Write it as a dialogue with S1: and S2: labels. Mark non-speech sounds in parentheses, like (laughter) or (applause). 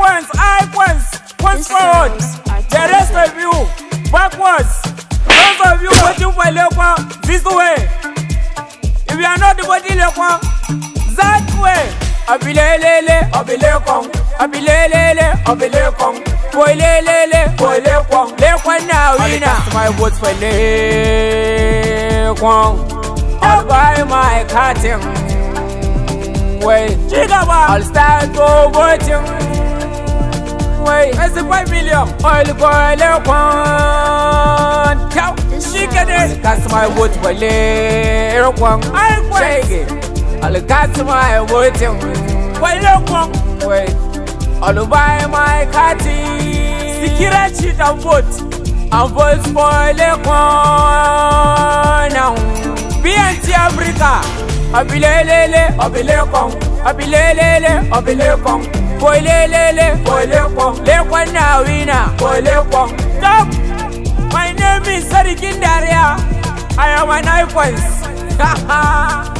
S1: points, high points, points this forward. The rest of you, backwards. Those of you voting for Lekwa, this way. If you are not
S2: voting Lekwa, that way. Abilelele, abilekong, abilelele, abilekong, boilelele, boilekong, lekwa now, wina. That's my vote for Lekwang. I'll oh. buy my cutting. Wait, I'll start voting kai ẹsẹ̀ five million ọ̀ẹ́lì kọ́ ẹlẹ́kọ̀ọ́n kẹ́w ṣíkẹ́dẹ́ kásìmọ̀ ẹ̀wọ̀ ti wọlé ẹ̀rọ̀kọ̀ọ́n ṣẹ́yìgì ọ̀lùkásìmọ̀ ẹ̀wọ̀ ti wọlé kọ́n ọ̀lùbáyé máa káàtì síkírẹ́tì dàn vote and vote for ẹlẹ́kọ̀ọ́n náà bnt africa. Abilelele, abilekong. Abilelele, abilekong. Boilelele, boilekong. Lekwan wina, boilekong. Stop! My name
S1: is Sarikin Daria. I am an icon. (laughs) Ha